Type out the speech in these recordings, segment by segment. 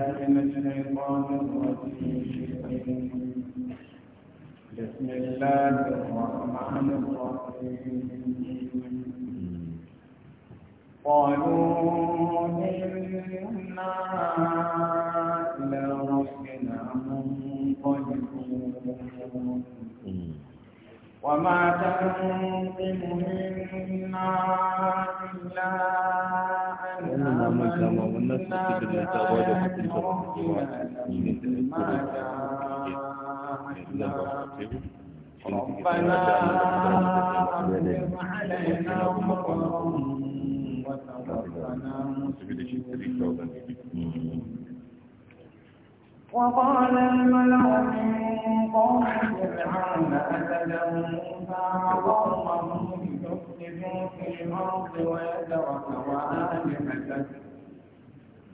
من الشيطان الرجيم بسم الله الرحمن الرحيم قالوا إنا إلى ربنا منقلبون وما تنقم منا إلا أن آمنا بآيات ربنا ما جاءنا ربنا أفضل علينا مطرا وتوفنا مسلمين وقال الملأ من قوم فرعون أتدعو موسى وقومه ليفسدوا في الأرض ويذرك وآلهتك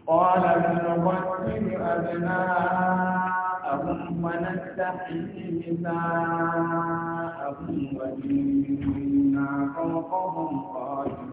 قال لنقتل أبناءهم ونستحيي نساءهم وإنا فوقهم قادرون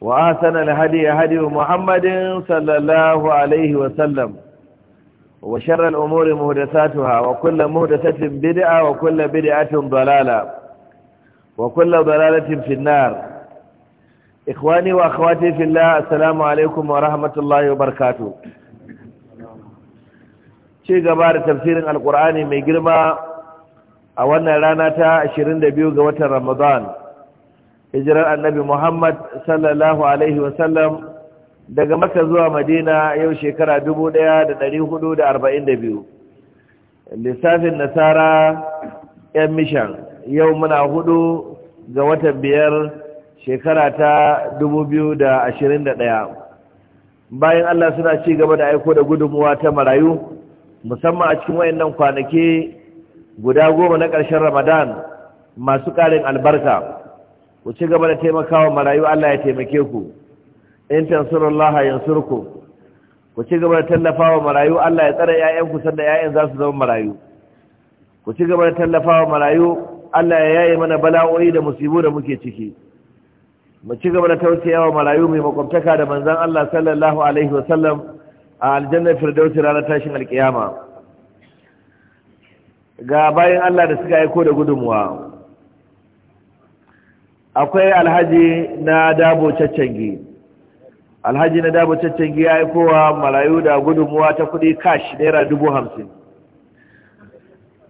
وآسن الهدي هدي محمد صلى الله عليه وسلم وشر الأمور مهدساتها وكل مهدسة بدعة وكل بدعة ضلالة وكل ضلالة في النار إخواني وأخواتي في الله السلام عليكم ورحمة الله وبركاته شيء قبار تفسير القرآن ميقرما أولنا لانا تا 22 قوة رمضان hijirar annabi Muhammad sallallahu alaihi wasallam daga maka zuwa madina yau shekara biyu. lissafin nasara 'yan mishan yau muna hudu ga watan biyar shekara ta ɗaya. bayan Allah suna ci gaba da aiko da gudunmuwa ta marayu musamman a cikin wayannan kwanaki guda goma na ƙarshen ramadan masu ƙarin albarka ku ci gaba da taimakawa marayu Allah ya taimake ku in tansurullaha yansurku ku ci gaba da tallafawa marayu Allah ya tsare ƴaƴanku sanda ƴaƴan za su zama marayu ku ci gaba da tallafawa marayu Allah ya yaye mana bala'o'i da musibu da muke ciki mu ci gaba da tausayawa marayu mai makwabtaka da manzon Allah sallallahu alaihi wa sallam a aljannar firdausi ranar tashin alkiyama ga bayan Allah da suka aiko da gudunmuwa akwai alhaji na dabo caccangi alhaji na dabo caccangi ya yi kowa marayu da gudunmuwa ta kudi kash naira dubu hamsin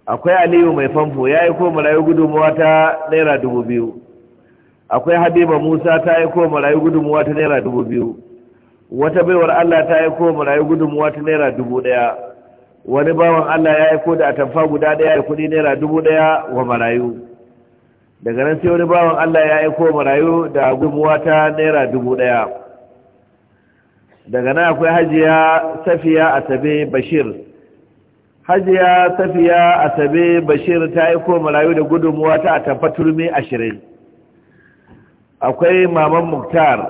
akwai aliyu mai famfo ya yi kowa marayu gudunmuwa ta naira dubu biyu akwai habiba musa ta yi kowa marayu gudunmuwa ta naira dubu biyu wata baiwar allah ta yi kowa marayu gudunmuwa ta naira dubu daya wani bawan allah ya yi kowa da atamfa guda daya da kudi naira dubu daya wa marayu daga nan sai wani bawan Allah ya aiko marayu da gumuwa ta naira dubu ɗaya daga nan akwai hajiya safiya asabe bashir hajiya safiya asabe bashir ta aiko marayu da gudunmuwa ta a tafa turmi ashirin akwai maman muktar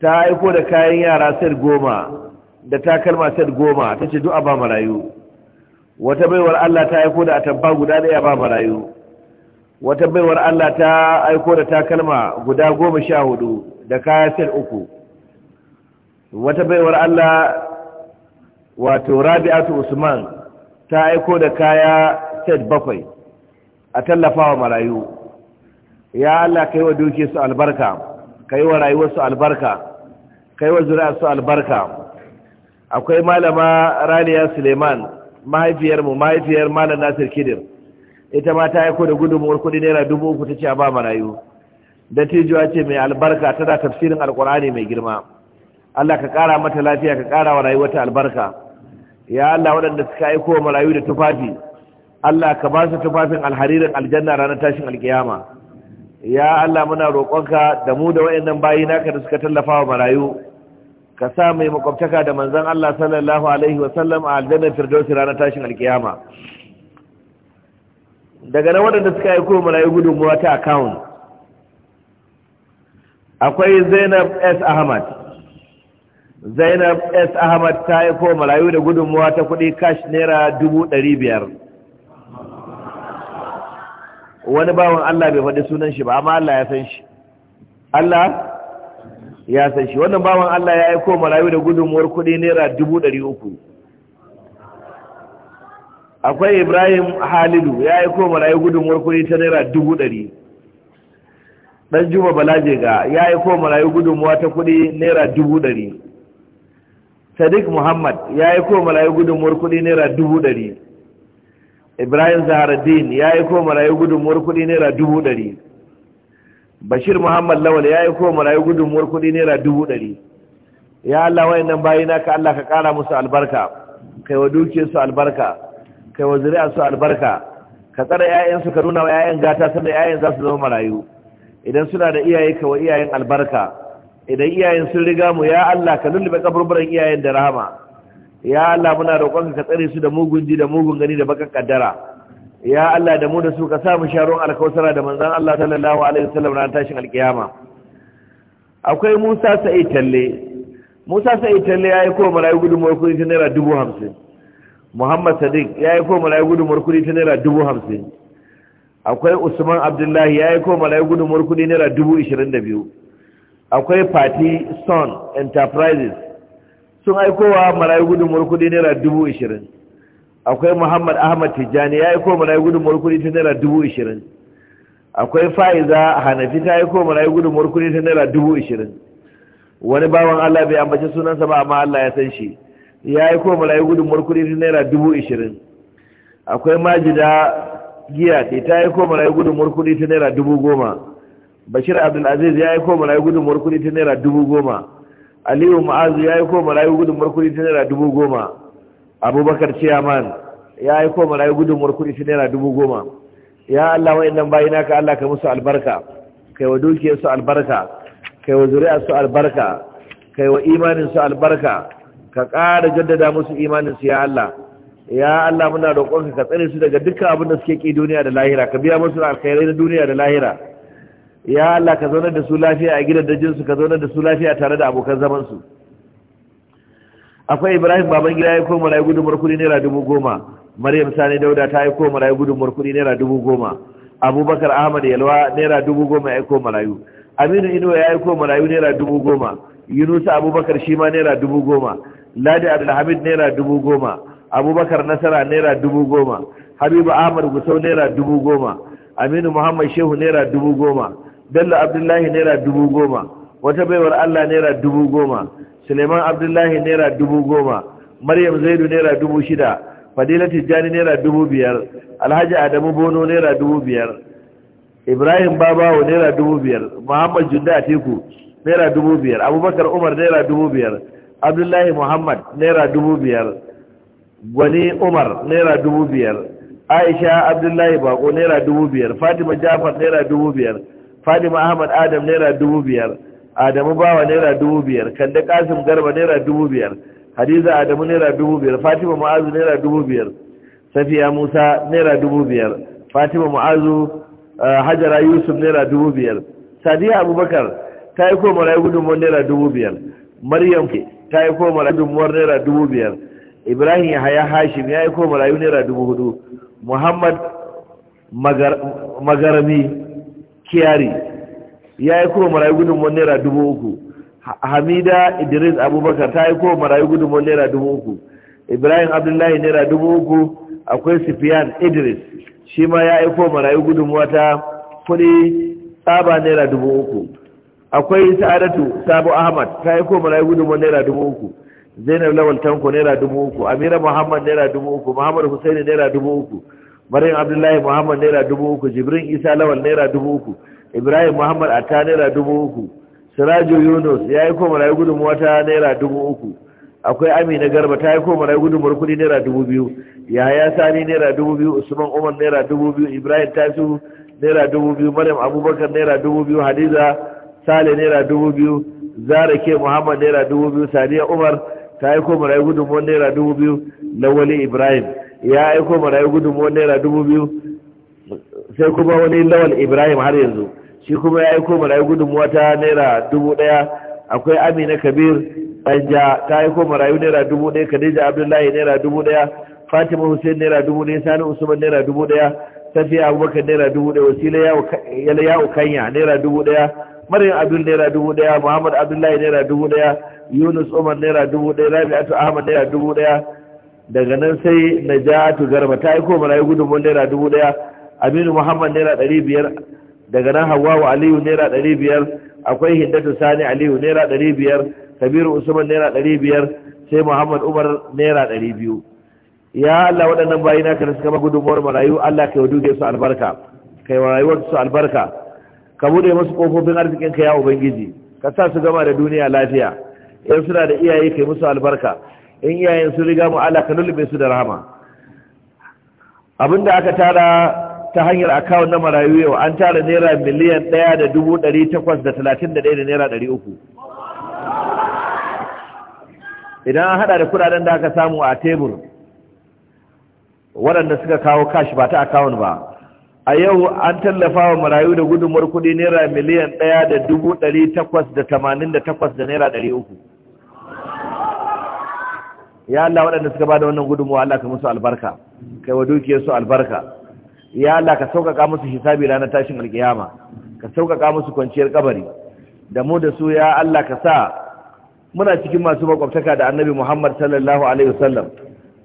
ta aiko da kayan yara set goma da takalma set goma ta ce du'a ba marayu wata baiwar Allah ta aiko da atamfa guda ɗaya ba marayu wata baiwar Allah ta aiko da takalma guda goma sha hudu da kaya sel uku wata baiwar Allah wato rabi'atu usman ta aiko da kaya sel bakwai a tallafawa marayu ya Allah kai wa duke su albarka kai wa rayuwarsu albarka kai wa su albarka akwai malama raniya suleiman mahaifiyarmu mahaifiyar malam nasir kidir ita ma ta aiko da gudunmuwar kuɗi naira dubu uku ta ce a ba marayu dattijuwa ce mai albarka tana tafsirin alkur'ani mai girma Allah ka ƙara mata lafiya ka ƙara wa rayuwarta albarka ya Allah waɗanda suka aiko wa marayu da tufafi Allah ka ba su tufafin alharirin aljanna ranar tashin alkiyama ya Allah muna roƙonka da mu da waɗannan bayi naka da suka tallafa wa marayu ka sa mai makwabtaka da manzon Allah sallallahu alaihi wasallam a aljannar firdausi ranar tashin alkiyama daga na waɗanda suka yi kuma marayu gudunmuwa ta account akwai zainab s ahmad zainab s ahmad ta yi kuma marayu da gudunmuwa ta kudi cash naira dubu ɗari biyar wani bawon allah bai faɗi sunan shi ba amma allah ya san shi allah ya san shi wannan bawon allah ya yi kuma marayu da gudunmuwar kudi naira dubu ɗari uku akwai ibrahim Halilu. ya yi koma na yi gudunmuwar kuɗi ta naira dubu ɗari ɗan juma balaje ga ya yi ko marayu gudunmuwa ta kuɗi naira dubu ɗari sadiq muhammad ya yi koma na yi gudunmuwar kuɗi naira dubu ɗari ibrahim zaharaddin ya yi koma na yi gudunmuwar kuɗi naira dubu ɗari bashir muhammad lawal ya yi koma na yi gudunmuwar kuɗi naira dubu ɗari ya allah wayannan bayina ka allah ka ƙara musu albarka kai wa dukiyarsu albarka kai wa zuri'a su albarka ka tsara 'ya'yansu ka nuna wa 'ya'yan gata sannan 'ya'yan za su zama marayu idan suna da iyaye ka wa iyayen albarka idan iyayen sun riga mu ya Allah ka lullube kaburburan iyayen da rahama ya Allah muna roƙon ka tsare su da mugun ji da mugun gani da bakan kaddara ya Allah da mu da su ka sa mu sharon alkausara da manzon Allah sallallahu alaihi wasallam ran tashin alkiyama akwai Musa Sa'id Talle Musa Sa'id Talle yayi ko marayu gudunmu ko naira dubu hamsin. muhammad sadiq ya yi koma layi gudunmuwar kudi ta naira dubu hamsin akwai usman abdullahi ya yi koma layi gudunmuwar kudi naira dubu ishirin da biyu akwai Fati son enterprises sun aikowa marayu gudunmuwar kudi naira dubu ishirin akwai muhammad ahmad tijjani ya aiko marayu gudunmuwar kudi ta naira dubu ishirin akwai fa'iza hanafi ta aiko marayu gudunmuwar kudi ta naira dubu ishirin wani bawan allah bai ambaci sunansa ba amma allah ya san shi ya yi ko malayi gudunmuwar kudi ta naira dubu ishirin akwai majida giya ce ta yi ko malayi gudunmuwar kudi ta naira dubu goma bashir abdulaziz ya yi ko malayi gudun kudi ta naira dubu goma aliyu ma'azu ya yi ko malayi gudun kudi ta naira dubu goma abubakar ciyaman ya yi ko malayi gudun kudi ta naira dubu goma ya allah wa'annan bayi ka allah ka musu albarka kai wa dukiyarsu albarka kai wa zuri'arsu albarka kai wa imanin su albarka ka ƙara jaddada musu imanin su ya Allah ya Allah muna roƙon ka tsare su daga dukkan abin da suke ƙi duniya da lahira ka biya musu alkhairai na duniya da lahira ya Allah ka zaunar da su lafiya a gidan dajin su ka zaunar da su lafiya tare da abokan zaman su akwai Ibrahim baban gida ya koma rayu gudun murkuri naira dubu goma Maryam Sani Dauda ta yi koma rayu gudun murkuri naira dubu goma Abubakar Ahmad Yalwa naira dubu goma ya koma rayu Aminu Inuwa ya yi koma rayu naira dubu goma Yunusa Abubakar shi ma naira dubu goma ladi abdulhamid naira dubu goma abubakar nasara naira dubu goma habibu ahmad gusau naira dubu goma aminu muhammad shehu naira dubu goma bello abdullahi naira dubu goma wata baiwar allah naira dubu goma suleiman abdullahi naira dubu goma maryam zaidu naira dubu shida fadila tijjani naira dubu biyar alhaji adamu bono naira dubu biyar ibrahim babawo naira dubu biyar muhammad junda Atiku naira dubu biyar abubakar umar naira dubu biyar abdullahi muhammad naira dubu biyar gwani umar naira dubu biyar aisha abdullahi bako naira dubu biyar fatima jafar naira dubu biyar fatima ahmad adam naira dubu biyar adamu bawa naira dubu biyar kande kasim garba naira dubu biyar hadiza adamu naira dubu biyar fatima mu'azu naira dubu biyar safiya musa naira dubu biyar fatima mu'azu hajara yusuf naira dubu biyar sadiya abubakar ta yi koma rayu gudunmu naira dubu biyar maryam ta yi ko marayu muwar naira dubu biyar ibrahim yahaya hashim ya yi ko marayu naira dubu hudu muhammad magarami kiyari ya yi ko marayu gudunmuwar naira dubu uku hamida idris abubakar ta yi ko marayu gudunmuwar naira dubu uku ibrahim abdullahi naira dubu uku akwai Sifiyan idris shi ma ya ko marayu gudunmuwa ta kudi tsaba naira dubu uku akwai sa'adatu sabu ahmad ta yi koma rayu gudunmu naira dubu uku zainab lawal tanko naira dubu uku amira muhammad naira dubu uku muhammad husaini naira dubu uku maryam abdullahi muhammad naira dubu uku jibrin isa lawal naira dubu uku ibrahim muhammad atta naira dubu uku sirajo yunus ya yi koma rayu gudunmu wata naira dubu uku akwai amina garba ta yi koma rayu gudunmu kudi naira dubu biyu yahaya sani naira dubu biyu usman umar naira dubu biyu ibrahim tasu naira dubu biyu maryam abubakar naira dubu biyu hadiza sale naira dubu biyu zara ke muhammad naira dubu biyu saniya umar ta aiko marayu gudunmuwan naira dubu biyu lawali ibrahim ya aiko marayu gudunmuwan naira dubu biyu sai kuma wani lawal ibrahim har yanzu shi kuma ya aiko marayu gudunmuwa ta naira dubu ɗaya akwai amina kabir ɗanja ta aiko marayu naira dubu ɗaya khadija abdullahi naira dubu ɗaya fatima hussein naira dubu ɗaya sani usman naira dubu ɗaya safiya abubakar naira dubu ɗaya wasila yawo kanya naira dubu ɗaya maryam abdul naira dubu daya muhammad abdullahi naira dubu daya yunus umar naira dubu daya rabi'atu ahmad naira dubu daya daga nan sai najatu garba ta rayu marayu mun naira dubu daya aminu muhammad naira ɗari biyar daga nan hawawa aliyu naira ɗari biyar akwai hindatu sani aliyu naira ɗari biyar kabiru usman naira ɗari biyar sai muhammad umar naira ɗari biyu ya allah waɗannan bayi na da suka ma gudunmuwar marayu allah ka yi duke su albarka ka yi rayuwar su albarka ka bude musu kofofin arzikin ka ya ubangiji ka sa su gama da duniya lafiya in suna da iyaye kai musu albarka in iyayen su riga mu ala ka lulube su da rahama abinda aka tara ta hanyar akawun na marayu yau an tara naira miliyan ɗaya da dubu ɗari takwas da talatin da ɗaya da naira ɗari uku idan an haɗa da kuɗaɗen da aka samu a tebur waɗanda suka kawo kashi ba ta akawun ba a yau an tallafa wa marayu da gudunmuwar kuɗi naira miliyan ɗaya da dubu ɗari takwas da tamanin da takwas da naira ɗari uku ya Allah waɗanda suka ba da wannan gudunmuwa Allah ka musu albarka kai wa dukiyarsu albarka ya Allah ka sauƙaƙa musu hisabi ranar tashin alƙiyama ka sauƙaƙa musu kwanciyar kabari da mu da su ya Allah ka sa muna cikin masu makwabtaka da annabi Muhammad sallallahu alaihi wasallam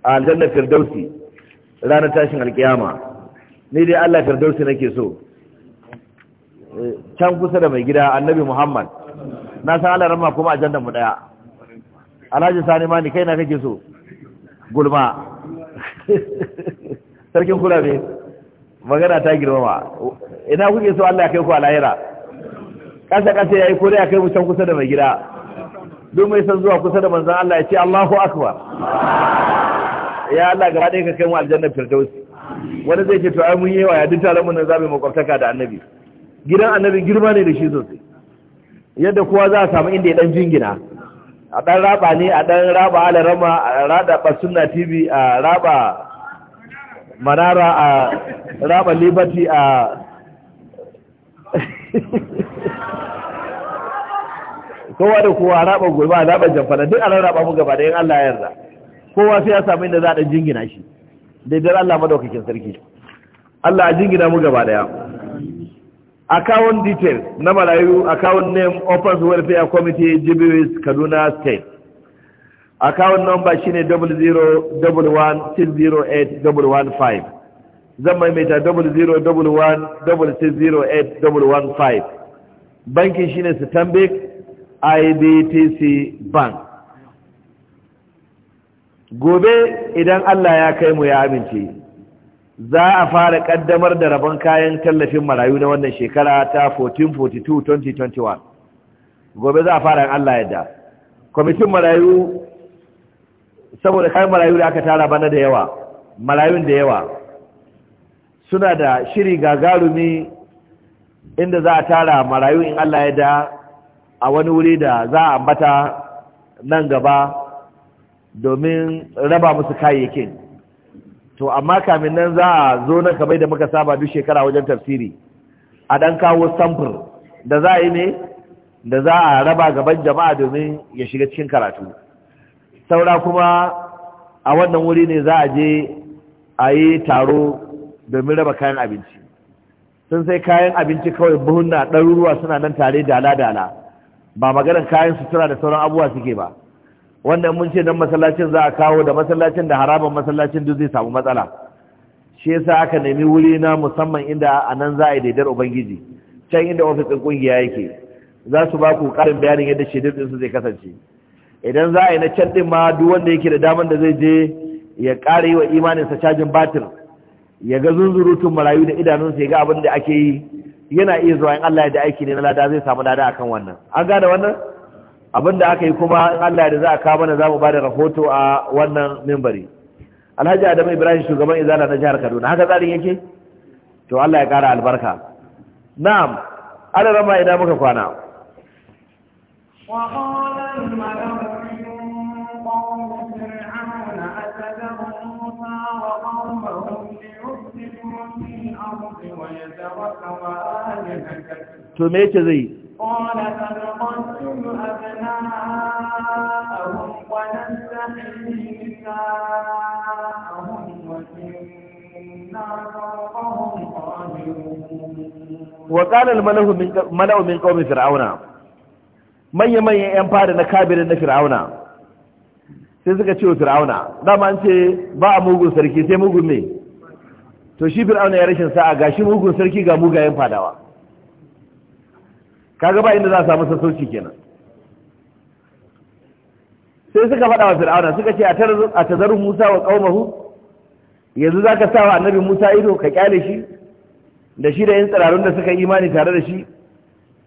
a aljannar firdausi ranar tashin alƙiyama ni dai Allah firdausi nake so eh, can kusa da mai gida annabi Muhammad na san Allah ramma kuma ajandar mu daya Alhaji Sani ma ni kai na kake so gulma sarkin kula ne magana ta girmama ina kuke so Allah ya kai ku a lahira kasa kasa yayi ko dai ya kai mu can kusa da mai gida duk mai san zuwa kusa da manzon Allah ya ce Allahu akbar ya Allah gaba ɗaya ka kai mu aljannar firdausi wani zai ce to ai mun yawa ya duk taron mun za mu makwabtaka da annabi gidan annabi girma ne da shi sosai yadda kowa za a samu inda ya dan jingina a dan raba ne a dan raba alarama a rada basunna tv a raba manara a raba liberty a kowa da kowa raba gulma raba jamfana duk a raba mu gaba da yin Allah yarda kowa sai ya samu inda za a dan jingina shi da dare Allah madaukakin sarki Allah jingina mu gaba daya account details na marayu account name offers welfare committee jibiris kaduna state account number shine 0011608115 zan maimaita 0011608115 Banki shine stanbic ibtc bank gobe idan Allah ya kai mu ya amince za a fara kaddamar da rabon kayan tallafin marayu na wannan shekara ta 1442-2021 gobe za a fara Allah yadda kwamitin marayu saboda kayan marayu da aka tara bana da yawa marayun da yawa suna da shiri gagarumi inda za a tara marayu in Allah ya a wani wuri da za a ambata nan gaba domin raba musu kayayyakin to amma kamin nan za a zo na kamar da muka saba duk shekara wajen tafsiri a dan kawo samfur da za a yi ne da za a raba gaban jama'a domin ya shiga cikin karatu saura kuma a wannan wuri ne za a je a yi taro domin raba kayan abinci sun sai kayan abinci kawai buhunna ɗaruruwa suna nan tare dala-dala ba maganar kayan sutura da sauran abubuwa suke ba wannan mun ce nan masallacin za a kawo da masallacin da haraban masallacin duk zai samu matsala shi yasa aka nemi wuri na musamman inda a nan za a yi daidar ubangiji can inda ofisin kungiya yake za su ba ku karin bayanin yadda din su zai kasance idan za a yi na can din ma duk wanda yake da daman da zai je ya ƙara yi wa sa cajin batir ya ga zunzurutun marayu da idanunsa ya ga abin da ake yi yana iya zuwa in Allah ya da aiki ne na lada zai samu lada akan wannan an gane wannan Abin da aka yi kuma in Allah da za a kawo mana za mu ba da rahoto a wannan mimbari alhaji adamu ibrahim shugaban izala na jihar kaduna haka tsarin yake to Allah ya kara albarka na'am ala rama ina muka kwana to me yake zai قال فلقد جمعت نساءهم ونستحيي نساءهم وإنا فوقهم وقال الملأ من ملأ من قوم فرعون manya manyan yan fara na kabirin na fir'auna sai suka ce wa fir'auna dama an ce ba a mugun sarki sai mugun me to shi fir'auna ya rashin sa'a ga shi mugun sarki ga mugayen fadawa kaga ba inda za a samu sassauci kenan sai suka faɗa wa fir'auna suka ce a tazar musa wa ƙaumahu yanzu za ka sawa annabi musa ido ka kyale shi da shi da yin tsirarun da suka imani tare da shi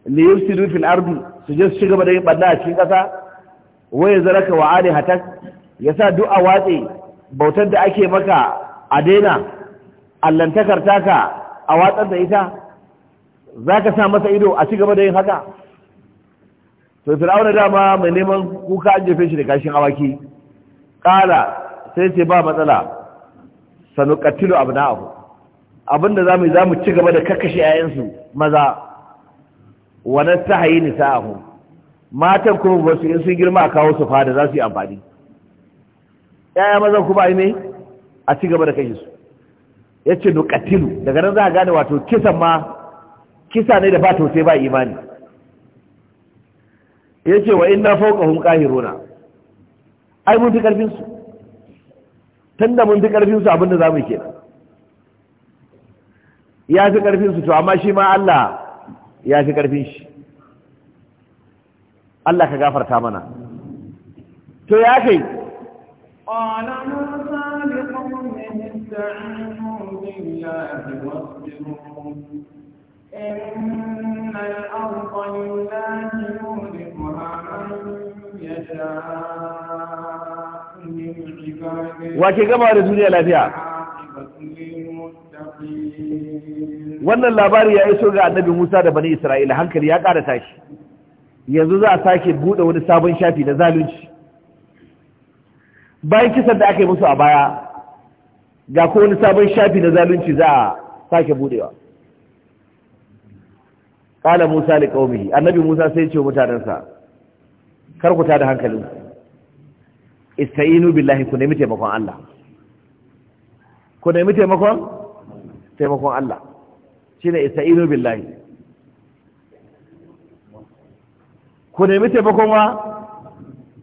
yi su rufin ardu, su je su ci gaba da yin ɓanna a cikin ƙasa waya zaraka wa ali hatak ya sa duk a watse bautar da ake maka a daina allantakar taka a watsar da ita za ka sa masa ido a ci gaba da yin haka to fir'auna dama mai neman kuka an jefe shi da kashin awaki kala sai ce ba matsala sanukatilu abna'ahu abinda zamu yi zamu ci gaba da kakkashe yayansu maza wa nastahi nisa'ahu matan kuma ba su in sun girma a kawo su fada za su yi amfani yaya maza kuma ai ne? a ci gaba da kashe su yace nukatilu daga nan za a gane wato kisan ma kisa ne da ba tausayi ba imani yace wa inna fawqahum qahiruna ai mun fi karfin su tunda mun fi karfin su abinda zamu ke ya fi karfin su to amma shi ma Allah ya fi karfin shi Allah ka gafarta mana to ya kai qala musa bi qawmihi ista'inu billahi wasbiru inna al-ardha wake gama da duniya lafiya wannan labari ya iso ga annabi musa da bani isra'ila hankali ya ƙara tashi yanzu za a sake buɗe wani sabon shafi na zalunci bayan kisan da aka yi musu a baya ga ko wani sabon shafi na zalunci za a sake buɗewa kala musa da annabi musa sai ce mutanensa kar ku tada hankalin istainu billahi ku nemi taimakon Allah ku nemi taimakon taimakon Allah shine istainu billahi ku nemi taimakon wa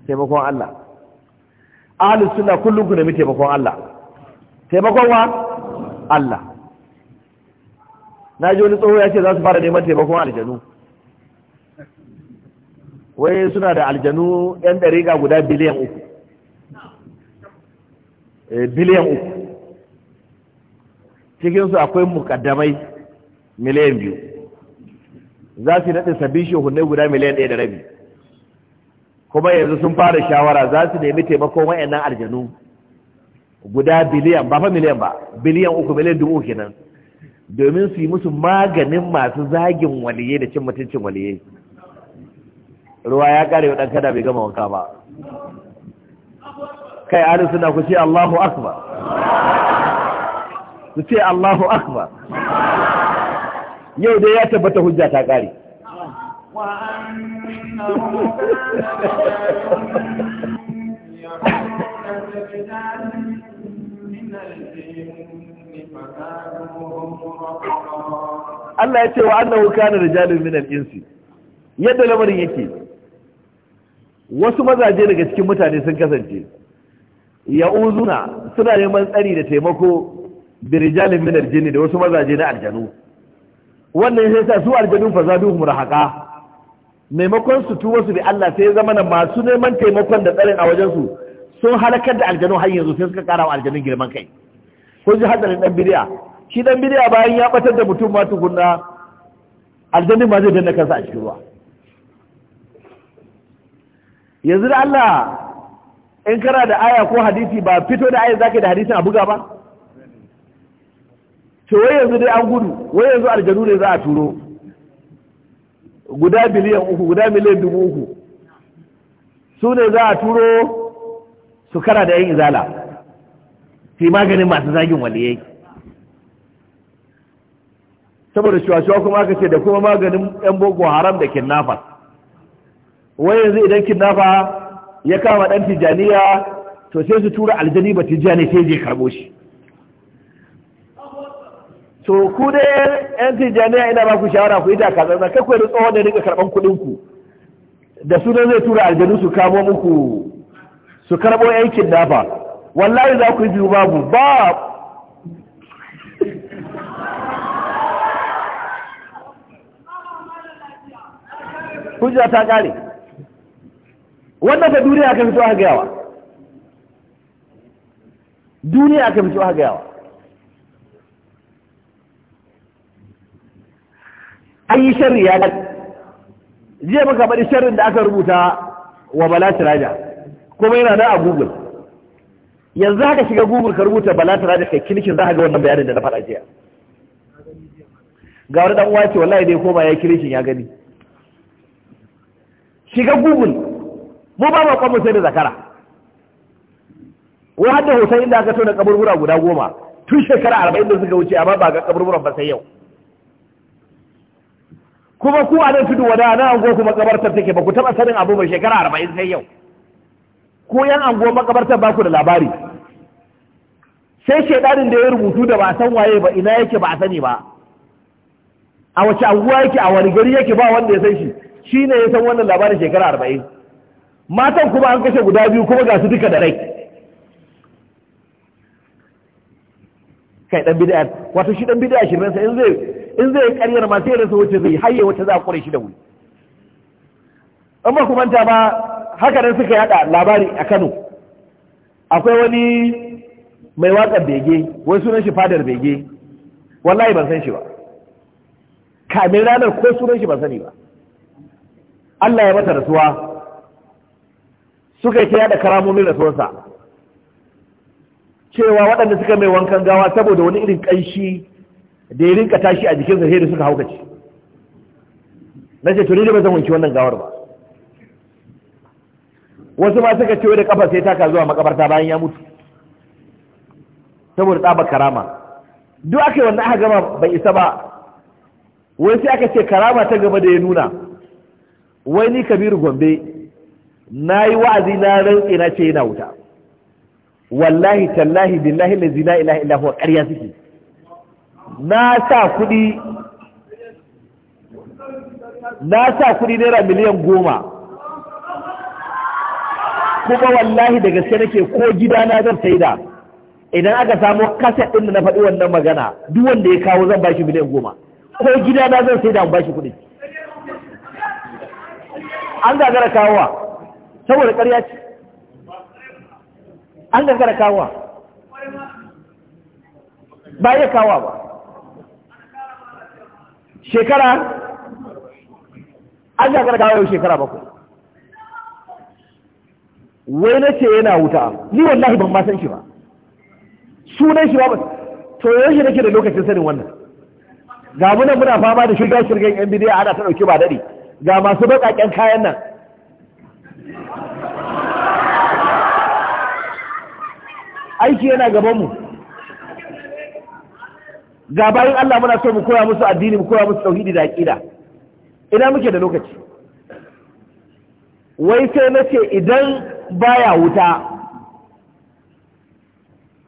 taimakon Allah ahlus sunna kullum ku nemi taimakon Allah taimakon wa Allah na ji wani tsoho ya ce za su fara neman taimakon aljanu wai suna da aljanu 'yan ɗariga guda biliyan uku eh, biliyan uku cikinsu akwai mukaddamai miliyan biyu za su naɗe sabbin shehunai guda miliyan ɗaya da rabi kuma yanzu sun fara shawara za su nemi taimakon wa'annan aljanu guda biliyan ba fa miliyan ba biliyan uku miliyan dubu kenan domin su yi musu maganin masu zagin waliye da cin mutuncin waliye ruwa ya kare wa kada bai gama wanka ba kai ari suna ku ce Allahu akbar ku ce Allahu akbar yau dai ya tabbata hujja ta kare Allah ya ce wa annahu kana rijalun min al-insi yadda lamarin yake wasu mazaje daga cikin mutane sun kasance ya uzuna suna neman tsari da taimako birijalin min aljini da wasu mazaje na aljanu wannan sai sa su aljanu fa zaduhum rahaqa maimakon su tuwa su bi Allah sai zama na masu neman taimakon da tsarin a wajen su sun halakar da aljanu har yanzu sai suka kara wa aljanun girman kai ko ji hadarin dan bidiya shi dan bidiya bayan ya batar da mutum ma tukunna aljanun ma zai danna kansa a cikin ruwa yanzu da Allah in kana da aya ko hadisi ba fito da aya zaka da hadisin a buga ba to wai yanzu dai an gudu wai yanzu aljanu ne za a turo guda biliyan uku guda miliyan dubu uku su ne za a turo su kara da yan izala fi maganin masu zagin waliyai saboda shuwa-shuwa kuma aka ce da kuma maganin yan boko haram da kidnappers wai yanzu idan kidnapper ya kama dan tijaniya to sai su tura aljani ba tijani sai je karbo shi to ku da yan tijaniya ina ba ku shawara ku yi taka zanzan kai ku da tsohon da rika karban kuɗin ku da su zai tura aljanu su kamo muku su karbo yan kidnapper wallahi za ku yi biyu babu ba hujja ta kare wannan fa duniya aka fito aka gayawa duniya aka fito aka gayawa an yi sharri ya jiya muka bari sharrin da aka rubuta wa bala tiraja kuma yana da a google yanzu haka shiga google ka rubuta bala tiraja kai kilikin za ka ga wannan bayanin da na faɗa jiya ga wani dan uwa ce wallahi dai ba ya kilikin ya gani shiga google mu ba roƙon mu sai da zakara wa hadda hoton inda aka tona kaburbura guda goma tun shekara arba'in da suka wuce amma ba ga kaburburan ba sai yau kuma ku a nan tudu wada na ango kuma kabartar take ba ku taɓa sanin abu mai shekara arba'in sai yau ko yan ango makabartar ba ku da labari sai shaidanin da ya rubutu da ba san waye ba ina yake ba a sani ba a wace anguwa yake a wani gari yake ba wanda ya san shi shine ya san wannan labarin shekara arba'in matan kuma an kashe guda biyu kuma ga su duka da rai kai dan bid'a wato shi dan bid'a shirin sa in zai in zai karyar ma sai rasa wuce zai haye wata za a kure shi da wuri amma kuma ta ba haka nan suka yada labari a Kano akwai wani mai wakar bege wai sunan shi fadar bege wallahi ban san shi ba kamin ranar ko sunan shi ban sani ba Allah ya mata rasuwa suka yi ta yada karamomin rasuwarsa cewa waɗanda suka mai wankan gawa saboda wani irin ƙanshi da ya rinka tashi a jikin sai da suka ce, na ce tuni da ba zan wanki wannan gawar ba wasu ma suka ce da kafa sai taka zuwa makabarta bayan ya mutu saboda tsaba karama duk aka yi wannan aka gama bai isa ba wai sai aka ce karama ta gaba da ya nuna wai ni kabiru gombe na yi wa'azi na rantse na ce yana wuta wallahi tallahi billahi lazi la ilaha illa huwa ƙarya suke na sa kuɗi na sa kuɗi naira miliyan goma kuma wallahi da gaske nake ko gida na zan sai da idan aka samo kaset ɗin da na faɗi wannan magana duk wanda ya kawo zan bashi miliyan goma ko gida na zan sai da mu bashi kuɗi an gagara kawowa saboda ƙarya ce an gagara kawa ba iya kawa ba shekara an gagara kawa yau shekara bakwai wai na ce yana wuta ni wallahi ban ma san shi ba sunan shi ba ba to yaushe nake da lokacin sanin wannan ga muna muna fama da shirga shirgen yan bidiyar ana ta dauki ba daɗi? ga masu baƙaƙen kayan nan aiki yana gaban mu. ga bayan Allah muna so mu koya musu addini mu koya musu tauhidi da aqida ina muke da lokaci wai sai na ce idan baya wuta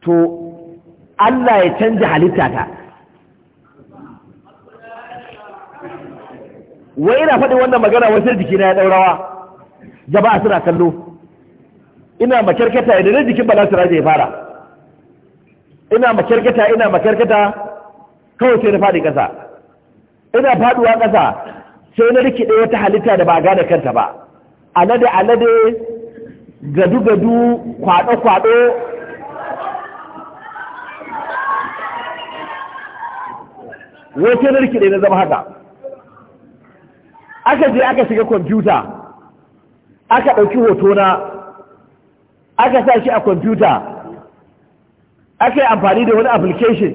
to Allah ya canja halitta ta wai ina faɗin wannan magana wasu jikina ya ɗaurawa jama'a suna kallo ina makarkata idan jikin ba za su ya fara ina makarkata ina makyarkata kawai sai na faɗi ƙasa ina faɗuwa ƙasa sai na rikide wata halitta da ba gane kanta ba alade alade gadu gadu kwaɗo kwaɗo wai sai na rikide na zama haka aka je aka shiga kwamfuta aka ɗauki hoto na aka sa shi a kwamfuta aka yi amfani da wani application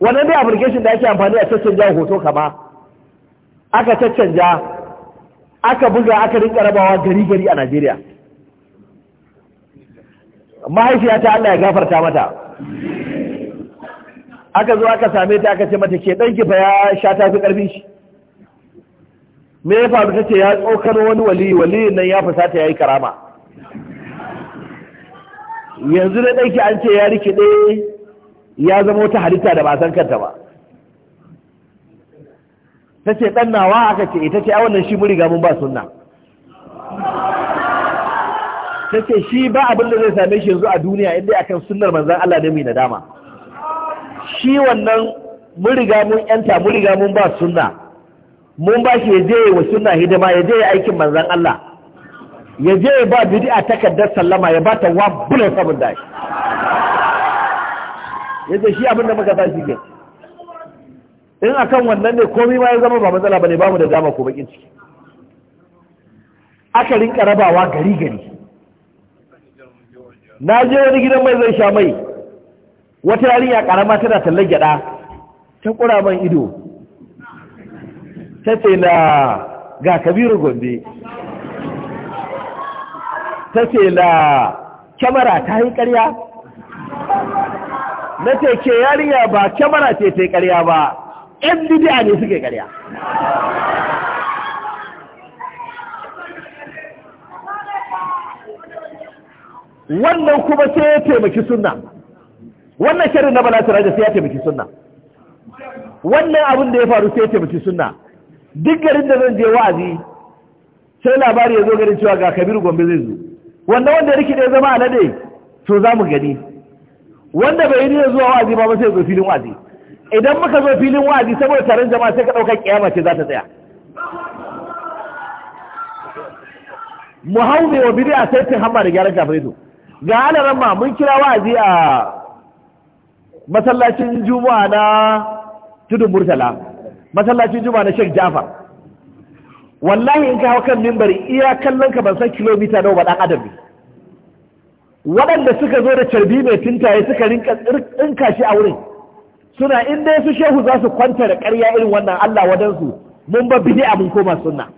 wannan dai application da ake amfani a caccanja hoto kama aka caccanja aka buga aka rinka rabawa gari gari a Najeriya mahaifiya ta Allah ya gafarta mata aka zo aka same ta aka ce mata ke ɗanki kifa ya sha tafi ƙarfi shi me ya faru ta ce ya tsokano wani wali wali nan ya fusata ya yi karama yanzu da ɗauki an ce ya ɗaya ya zama wata halitta da ba san kanta ba ta ce ɗan nawa aka ce ita ce a wannan shi muriga mun ba sunna ta ce shi ba abin da zai same shi yanzu a duniya inda akan sunnar manzan Allah ne mai nadama shi wannan muriga mun yanta muriga mun ba sunna mun ba shi ya je wa sunna hidima ya je aikin manzan Allah ya je ya ba a takardar sallama ya ba ta wa bula samun da shi ce shi abinda muka shi ke in akan wannan ne komai ma ya zama ba matsala bane ba mu da dama ko bakin ciki aka rinka rabawa gari gari na je wani gidan mai zai sha mai wata yarinya karama tana tallar gyada ta kura man ido ta ce na ga kabiru gombe ta ce la kyamara ta yi karya na ce ke yarinya ba kyamara ce ta yi karya ba yan bidiya ne suke karya wannan kuma sai ya taimaki sunna wannan shirin na balasira da sai ya taimaki sunna wannan abin da ya faru sai ya taimaki sunna duk garin da zan je wa'azi sai labari ya zo garin cewa ga Kabiru gombe zai zo wanda wanda rikide zama alade to za mu gani wanda bai yi zuwa wa'azi ba sai zo filin wazi idan muka zo filin wa'azi saboda taron jama'a sai ka ɗaukar kiyama ce za ta tsaya mu haume wa bid'a sai ta hamba da gyaran kafin su ga alaran ma mun kira wa'azi a masallacin juma'a na tudun murtala masallacin juma'a na shek Jafar wallahi in ka hau kan mimbari iya kallon ka ban san kilomita nawa ba dan adam ne waɗanda suka zo da carbi mai tintaye suka rinka tsinka shi a wurin suna in dai su shehu za su kwanta da ƙarya irin wannan Allah wadansu mun ba a mun koma sunna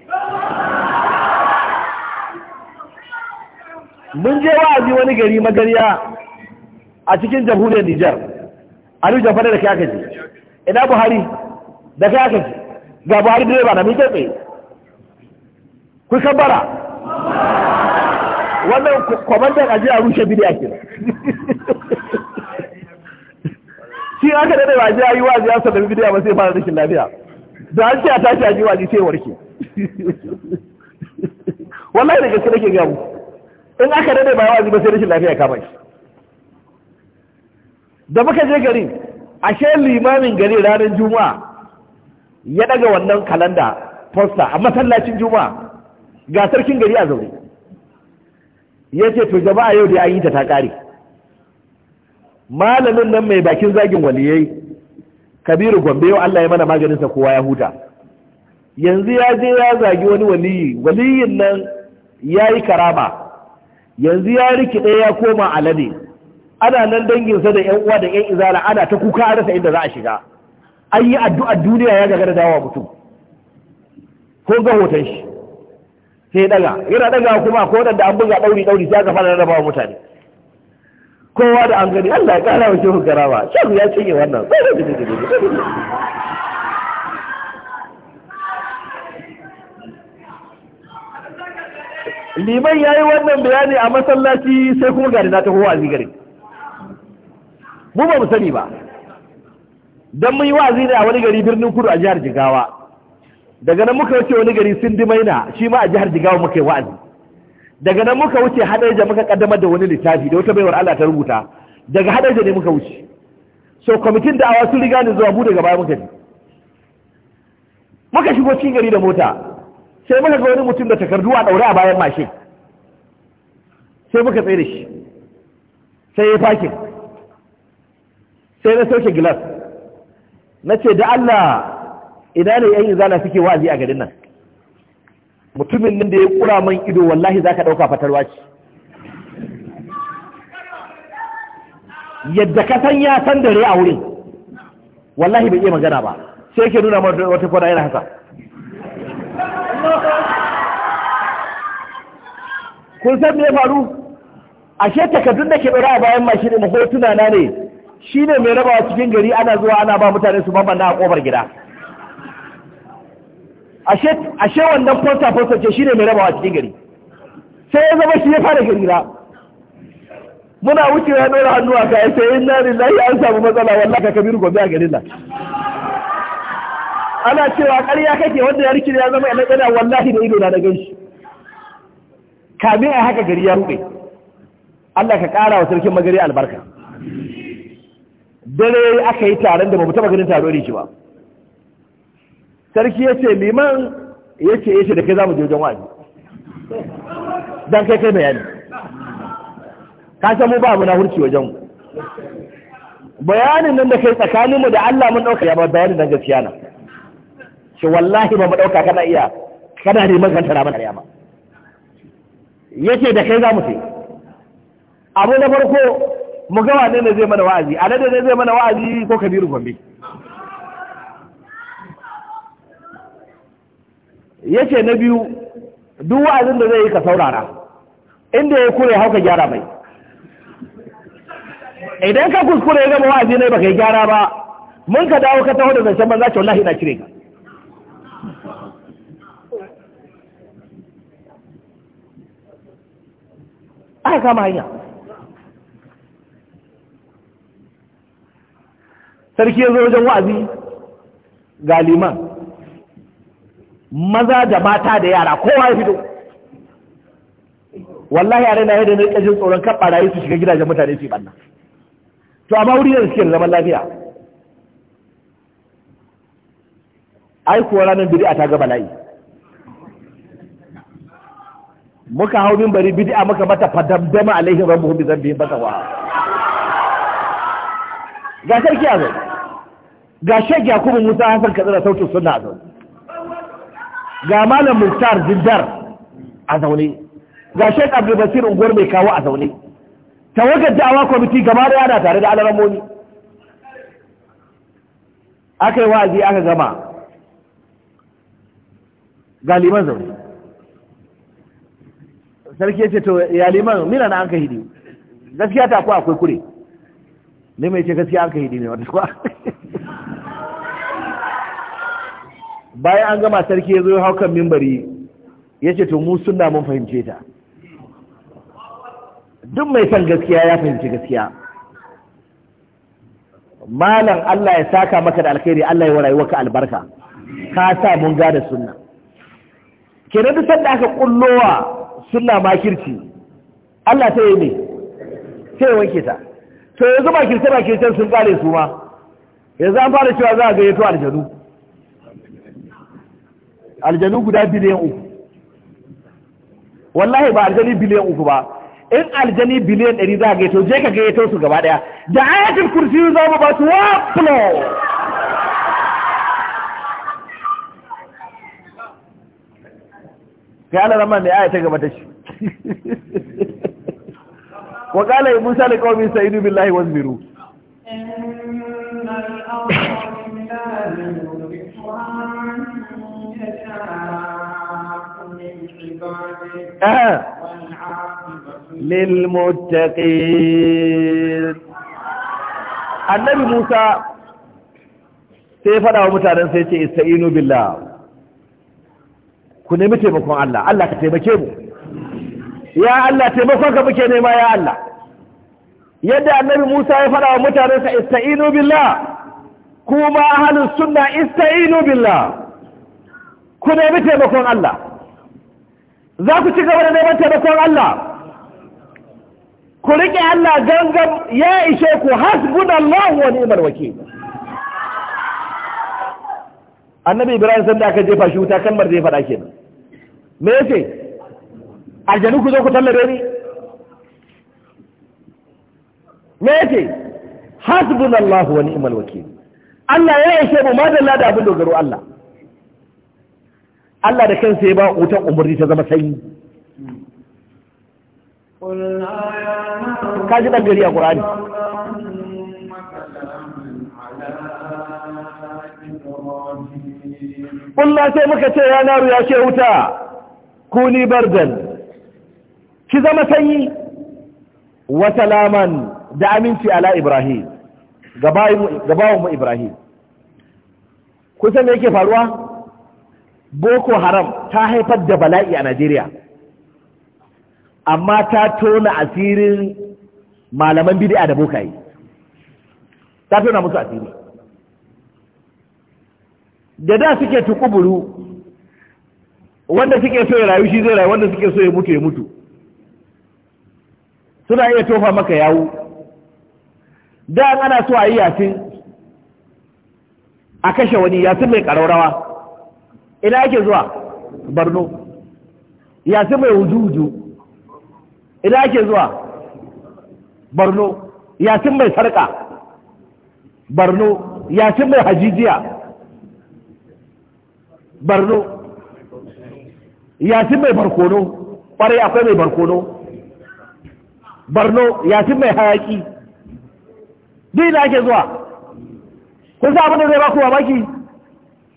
mun je wa'azi wani gari magariya a cikin jamhuriyar Nijar Ali Jafar da kai aka ji ina Buhari da kai aka ji ga Buhari direba na miƙe tsaye ku bara wannan kwamandan aji a rushe bidiya ke shi aka daɗa ba ji a yi ya sami bidiya ba sai fara rikin lafiya da an ce a tashi a ji waje sai warke wallahi da gaske nake gamu in aka daɗa ba waje ba sai rikin lafiya kama shi da muka je gari ashe limamin gari ranar juma'a ya daga wannan kalanda posta a masallacin juma'a ga sarkin gari a zaune ya ce to jama'a yau da an yi ta ta kare malamin nan mai bakin zagin waliyai kabiru gombe yau Allah ya mana maganinsa kowa ya huta yanzu ya je ya zagi wani waliyi waliyin nan ya yi karama yanzu ya rikide ya koma alade ana nan danginsa da yan uwa da yan izala ana ta kuka a rasa inda za a shiga an yi addu'ar duniya ya gagara dawa mutum ko ga hoton shi sai daga yana daga kuma ko da an buga dauri dauri sai aka fara rarraba wa mutane kowa da an gani Allah ya kara wa shehu karama shehu ya cinye wannan liman ya yi wannan bayani a masallaci sai kuma gari na taho wazi gari mu ba mu sani ba don mun yi wa'azi ne a wani gari birnin kudu a jihar jigawa daga nan muka wuce wani gari sun dimaina shi ma a jihar jigawa muka yi wa'azi daga nan muka wuce hadaija muka kaddamar da wani littafi da wata baiwar Allah ta rubuta daga hadaija ne muka wuce so kwamitin da awa sun riga ni zuwa bude daga muka ji muka shigo cikin gari da mota sai muka ga wani mutum da takardu a daure a bayan mashin sai muka tsaye da shi sai ya fake sai na sauke gilas na ce da Allah ina ne yayin izala suke wa'azi a garin nan mutumin nan da ya kura man ido wallahi zaka dauka fatarwa ce yadda ka san ya san dare a wurin wallahi bai iya magana ba sai ke nuna mata wata kwada yana haka kun san me faru ashe takardun da ke ɗora a bayan mashin na hotuna na ne shine mai rabawa cikin gari ana zuwa ana ba mutane su bambana a kofar gida ashe wannan posta posta ce shine mai rabawa cikin gari sai ya zama shi ya fara gari na muna wuce ya dora hannu a kayan sai na lillahi an samu matsala wallah ka kabiru gobe a garin nan ana cewa ƙarya kake wanda ya rikini ya zama yana tsada wallahi da ido na da ganshi kamin a haka gari ya rube Allah ka ƙara wa sarkin magari albarka dare aka yi taron da ba mu taɓa ganin taro ne shi ba sarki ya ce liman ya ce ya ce da kai za mu jirgin wa'azi don kai kai bayani ka san mu ba mu na hurci wajen bayanin nan da kai tsakaninmu da Allah mun ɗauka ya ba bayanin nan gaskiya na shi wallahi ba mu ɗauka kana iya kana neman kanta ramar mana ba yace da kai za mu ce abu na farko mu ga wane ne zai mana wa'azi a ne zai mana wa'azi ko kabiru gombe yace na biyu duk wa'azin da zai yi ka saurara inda ya kure hauka gyara mai idan ka kuskure ya gama wa'azi ne baka yi gyara ba mun ka dawo ka taho da zancen banza ce wallahi na cire aka kama hanya sarki ya zo wajen wa'azi ga liman maza da mata da yara kowa ya fito wallahi a raina yadda na rika jin tsoron kan barayi su shiga gidajen mutane fi banna to amma wuri da suke da zaman lafiya ai kuwa ranar bidi'a ta ga bala'i muka hau min bari bidi'a muka mata fadamdama alaihim zan bi dhanbihim wa ga sarki a zai ga shek yakubu musa hasan kadira sautin suna a zai ga malam muktar jiddar a zaune ga shek basir unguwar mai kawo a zaune tawagar awa kwamiti gama da yana tare da alaramoni aka yi wa'azi aka gama ga liman zaune sarki ya ce to ya liman mina na an ka hidi gaskiya ta kuwa akwai kure ne mai ce gaskiya an ka hidi ne wata kuwa bayan an gama sarki ya zo hau kan mimbari ya ce to mu sunna mun fahimce ta duk mai son gaskiya ya fahimci gaskiya malam Allah ya saka maka da alkhairi Allah ya warayi waka albarka ka sa mun gada sunna kenan duk sanda aka kullowa sunna makirci Allah sai ya ne sai ya wanke ta to yanzu makirce makircen sun kare su ma yanzu an fara cewa za a gayyato aljanu aljanu guda biliyan uku wallahi ba aljani biliyan uku ba in aljani biliyan ɗari za a gaito je ka gaito su gaba ɗaya da ayatul kursi za mu ba su wa fulo ka yi rama mai ayata gaba ta shi wa qala musa liqaumin sa'idu billahi biru للمتقين annabi Musa sai faɗa wa mutanen sai ce ista'inu billah ku nemi taimakon Allah Allah ka taimake mu ya Allah taimakon ka muke nema ya Allah yadda annabi Musa ya faɗa wa mutanen sa ista'inu billah kuma ahlus sunna ista'inu billah ku nemi taimakon Allah za ku ci gaba da neman taimakon Allah ku riƙe Allah gangan ya ishe ku hasbunallahu wa ni'mal wakil annabi ibrahim sanda aka jefa shi wuta kalmar da ya faɗa kenan me yace aljanu ku zo ku tallare ni me yace hasbunallahu wa ni'mal wakil Allah ya ishe mu madalla da abin dogaro Allah Allah da kansa ya ba wutan umarni ta zama sanyi ka ji ɗan gari a ƙur'ani ƙulla sai muka ce ya naru ya ce wuta kuni bardan ki zama sanyi wa salaman da aminci ala Ibrahim gabawan mu Ibrahim kusan me yake faruwa boko haram ta haifar da bala'i a najeriya amma ta tona asirin malaman bid'a da bokaye ta tona musu asiri da da suke tukuburu wanda suke so ya rayu shi zai rayu wanda suke so ya mutu ya mutu suna iya tofa maka yawu da ana so a yi yasin a kashe wani yasin mai ƙararrawa ina yake zuwa barno yasi mai wuju-wuju ina yake zuwa barno yasin mai sarka barno yasin mai hajijiya barno yasin mai barkono kwarai akwai mai barkono barno yasin mai hayaki duk ina ake zuwa kun sa abin da zai ba kuwa baki.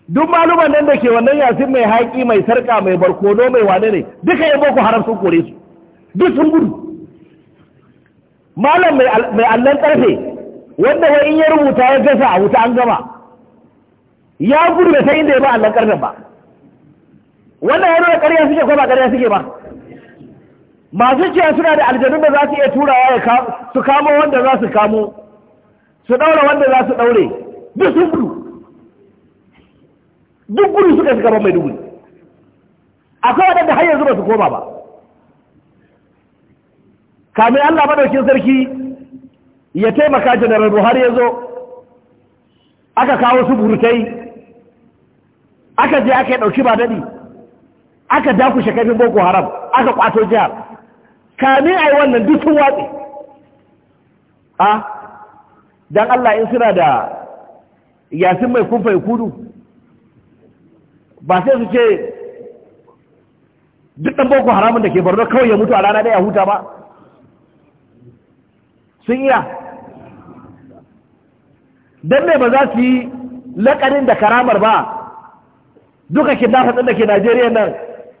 duk maluman nan da ke wannan yasin mai haƙi mai sarƙa mai barkono mai wane ne duka ya boko haram sun kore su duk sun gudu malam mai allon ƙarfe wanda wai in ya rubuta ya gasa a wuta an gama ya gudu da sai inda ya ba allon ƙarfen ba wannan ya nuna ƙarya suke ko ba ƙarya suke ba masu cewa suna da aljanun da za su iya turawa su kamo wanda za su kamo su ɗaura wanda za su ɗaure duk sun gudu duk gudu suka shiga ban maiduguri akwai waɗanda har yanzu ba su koma ba kamin allah madaukin sarki ya taimaka janaral buhari ya zo aka kawo su burtai aka je aka yi ɗauki ba daɗi aka dakushe kafin boko haram aka kwato jihar kamin a wannan duk sun watsi a ah, don allah in suna da yasin mai kumfa ya kudu ba sai su ce duk ɗan boko haramun da ke barno kawai ya mutu a rana ɗaya huta ba sun iya don me ba za su yi lakarin da karamar ba duka kidnappers da ke najeriya nan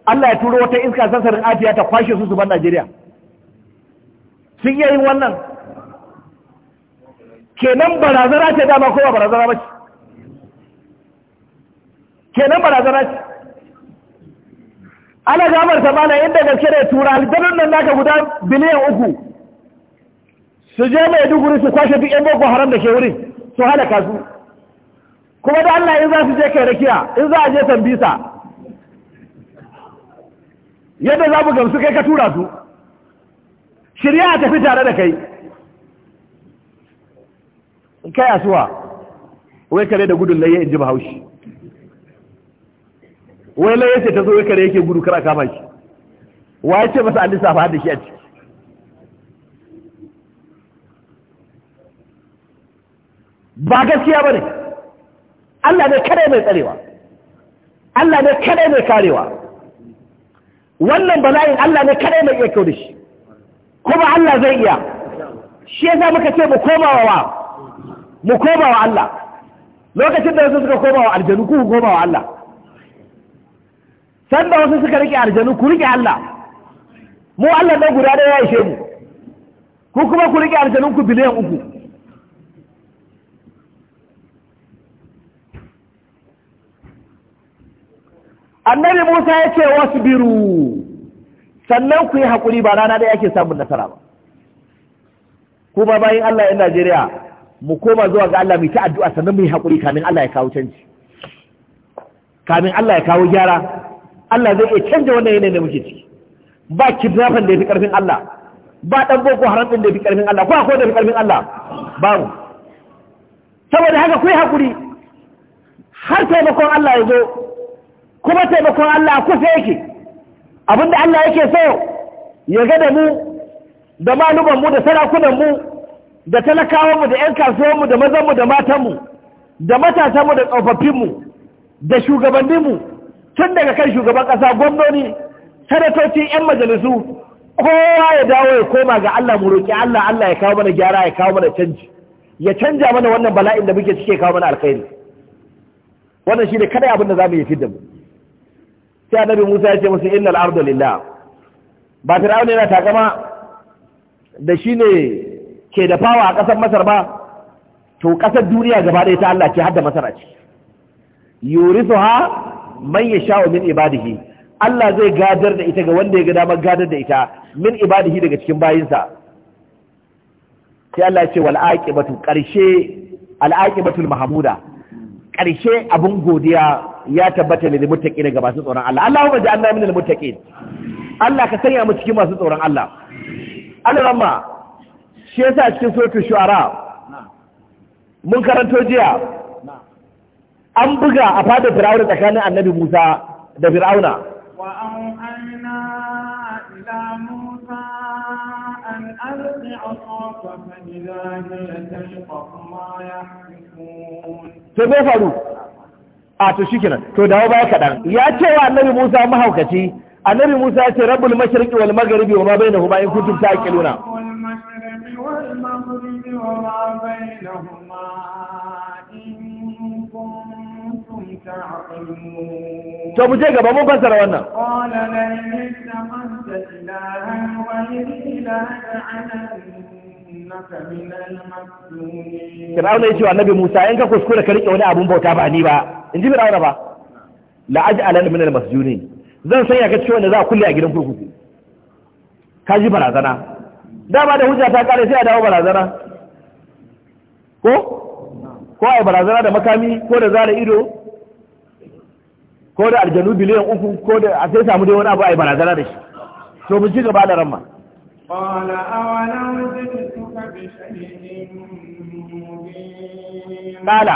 allah ya turo wata iska sassarin afiya ta kwashe su su ban najeriya sun iya yin wannan kenan barazana ce dama kowa ba barazana ba ce kenan barazana ce ana gamar ta bana inda gaske da tura aljanun nan naka guda biliyan uku su je mai duguri su kwashe duk yan boko haram da ke wurin su halaka su kuma da Allah in za su je kai rakiya in za a je tambisa yadda za mu gamsu kai ka tura su shirya a tafi tare da kai kai asuwa wai kare da gudun laye in ji bahaushe wai lai yace ta zo kare yake gudu kar a kama shi wa yace masa an lissafa da shi a ciki ba gaskiya bane Allah ne kare mai tsarewa Allah ne kare mai karewa wannan bala'in Allah ne kare mai iya kyau shi kuma Allah zai iya shi ya sa muka ce mu komawa wa mu komawa Allah lokacin da wasu suka komawa aljanu ku komawa Allah sanda wasu suka rike arjanu ku rike Allah mu Allah na guda ɗaya ya ishe mu ku kuma ku rike arjanun ku biliyan uku annabi Musa ya ce wasu biru sannan ku yi haƙuri ba rana ɗaya yake samun nasara ba ku ba bayan Allah yan Najeriya mu koma zuwa ga Allah mu ta addu'a sannan mu yi haƙuri kamin Allah ya kawo canji kamin Allah ya kawo gyara Allah zai iya canja wannan yanayin da muke ciki ba kidnafan da ya fi ƙarfin Allah ba ɗan boko haram ɗin da ya fi ƙarfin Allah ko akwai da ya fi ƙarfin Allah babu saboda haka ku hakuri, har taimakon Allah ya zo kuma taimakon Allah kusa yake abinda Allah yake so ya ga da mu da mu, da sarakunan mu, da talakawan talakawanmu da 'yan kasuwanmu da mu, da matan mu, da matasan matasanmu da tsofaffin mu, da shugabannin mu. tun daga kan shugaban ƙasa gwamnoni sanatoci, yan majalisu kowa ya dawo ya koma ga Allah mu roƙi Allah Allah ya kawo mana gyara ya kawo mana canji ya canja mana wannan bala'in da muke cike kawo mana alkhairi wannan shi ne kada abin da za mu yi fidda mu sai annabi Musa ya ce musu innal ardu lillah ba fir'auna yana takama da shi ke da fawa a ƙasar Masar ba to ƙasar duniya gaba ɗaya ta Allah ce har Masar a ciki yurisuha man yasha'u min ibadihi Allah zai gadar da ita ga wanda ya ga damar gadar da ita min ibadihi daga cikin bayinsa sai Allah ya ce wal aqibatu qarshe al al mahmuda qarshe abun godiya ya tabbata ne da muttaqi ga masu tsoron Allah Allahumma ja'alna minal muttaqin Allah ka sanya mu cikin masu tsoron Allah Allah ramma shi yasa cikin suratul shu'ara mun karanto jiya an buga a fadar fir'auna tsakanin annabi musa da fir'auna to me faru a to shi kinan, to dawo baya kaɗan ya ce wa annabi musa mahaukaci annabi musa ya ce rabbul mashirki wal maghribi wa ma huma in kuntum ta'qiluna Rabbul mashirki wal maghribi wa ma huma. to mu je gaba mun fassara wannan Fir'auna ya ce wa Annabi Musa in ka kuskura ka rike wani abun bauta ba ni ba in ji Fir'auna ba la aj'ala min al masjuni. zan sanya ka cewa wanda za a kulle a gidan kurkuku ka ji barazana dama da hujja ta kare sai a dawo barazana ko ko a barazana da makami ko da zara ido ko da aljanu biliyan uku ko da a sai samu dai wani abu a yi barazana da shi to mu ci gaba da ramma قال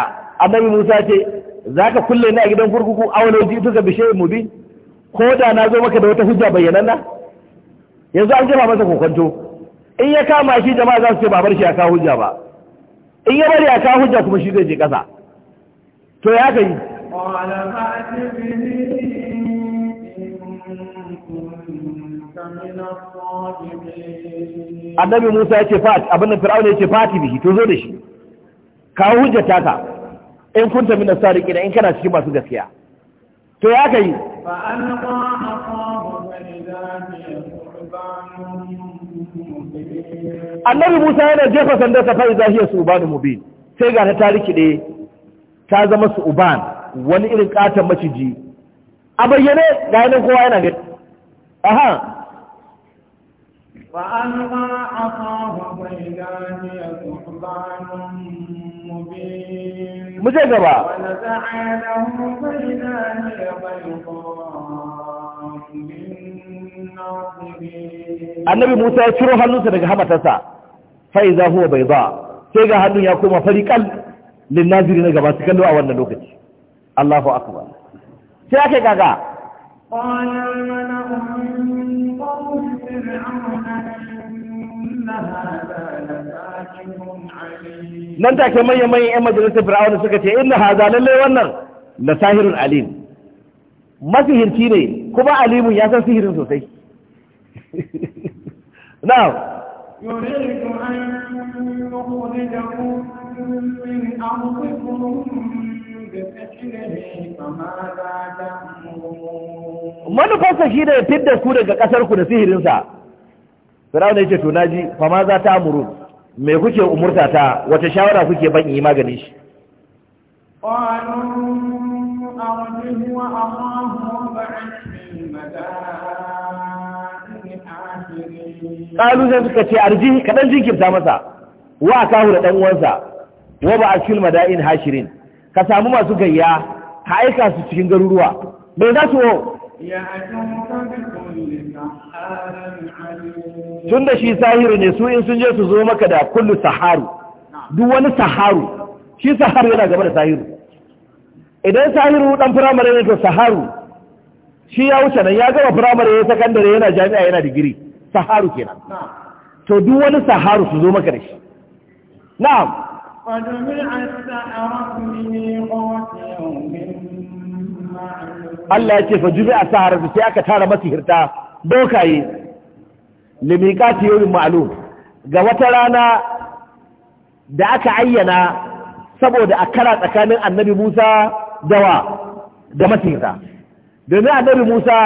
أولو جئتك بشيء مبين قال annabi Musa ce za ka kulle ni a gidan kurkuku awalau ji tuka bishe bi? ko da na zo maka da wata hujja bayyananna yanzu an jefa masa kokonto in ya kama shi jama'a za su ce ba bar shi ya kawo hujja ba in ya bari ya kawo hujja kuma shi zai je kasa to ya kai قال فأت به Annabi Musa ya ce fati abinda Fir'auna ya ce fati bihi to zo da shi kawo hujjata ka in kunta min as-sadiqin in kana cikin masu gaskiya to ya kai fa alqa aqahu Annabi Musa yana jefa sandarsa fa idza hiya suban mubin sai ga ta tariki ɗaya ta zama suban wani irin katon maciji a bayyane ga yanar kowa yana gani aha فألقى gaba. Annabi Musa ya ciro hannunsa daga hamatarsa, fa'iza huwa bai ba sai ga hannun ya koma fariƙal naziri na gaba su kallo a wannan lokaci. Allahu akbar sai ake gaga nan take manyan manyan 'yan majalisar fir'auna suka ce inna haza lallai wannan na sahirun alim masihirci ne kuma alimun ya san sihirin sosai now yuridu manufarsa shi ne fidda ku daga ƙasar ku da sihirinsa firawun ya ce to naji fama za ta muru me kuke umurta ta wace shawara kuke ban yi maganin shi ƙalu zai suka ce arji kaɗan jinkirta masa wa a kahu da ɗan uwansa wa ba a cikin mada'in hashirin ka samu masu gayya ka aika su cikin garuruwa bai za su tun da shi sahiru ne su in sun je su zo maka da kullu saharu duk wani saharu shi saharu yana gaba da sahiru idan sahiru dan firamare ne to saharu shi ya wuce nan ya gaba firamare ya sakandare yana jami'a yana digiri saharu kenan to duk wani saharu su zo maka da shi na'am قد Allah ya ce fa a sahara da sai aka tara masihirta bokaye limiqati yawmin ma'alu ga wata rana da aka ayyana saboda a kara tsakanin annabi Musa dawa da masihirta domin annabi Musa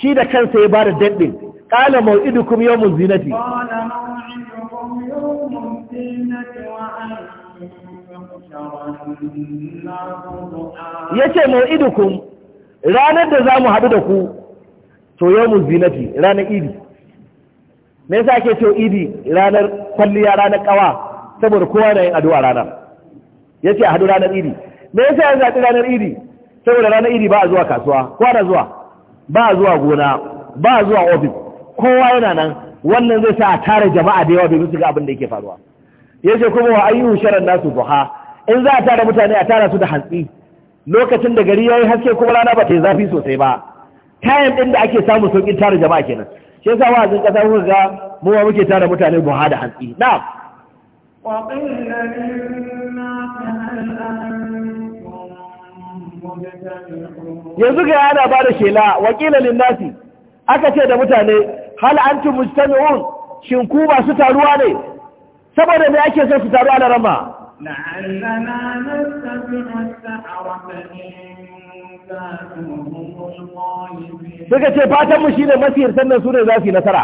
shi da kansa ya ba da qala maw'idukum yawmuz zinati qala zinati ya ce mau'idukun ranar da za mu haɗu da ku to yau mu zinafi ranar idi me yasa ke to idi ranar kwalliya ranar kawa saboda kowa na yin addu'a ranar ya ce a haɗu ranar idi me sa yin zaɓi ranar idi saboda ranar idi ba a zuwa kasuwa kowa na zuwa ba a zuwa gona ba a zuwa ofis kowa yana nan wannan zai sa a tara jama'a da yawa domin su ga abin da yake faruwa ya ce kuma wa ayyuhu sharan nasu buha in za a tara mutane a tara su da hantsi lokacin da gari yayi haske kuma rana ba ta yi zafi sosai ba tayin din da ake samu saukin tara jama'a kenan shi yasa wa'azin kasa kuka ga mu ma muke tara mutane buha da hantsi na yanzu ga yana ba da shela wakilan linnasi aka ce da mutane hal an mujtami'un shin ku ba su taruwa ne saboda me ake son su taru a larama لعلنا نتبع السحرة suka ce fatan mu shine sannan nan ne za su yi nasara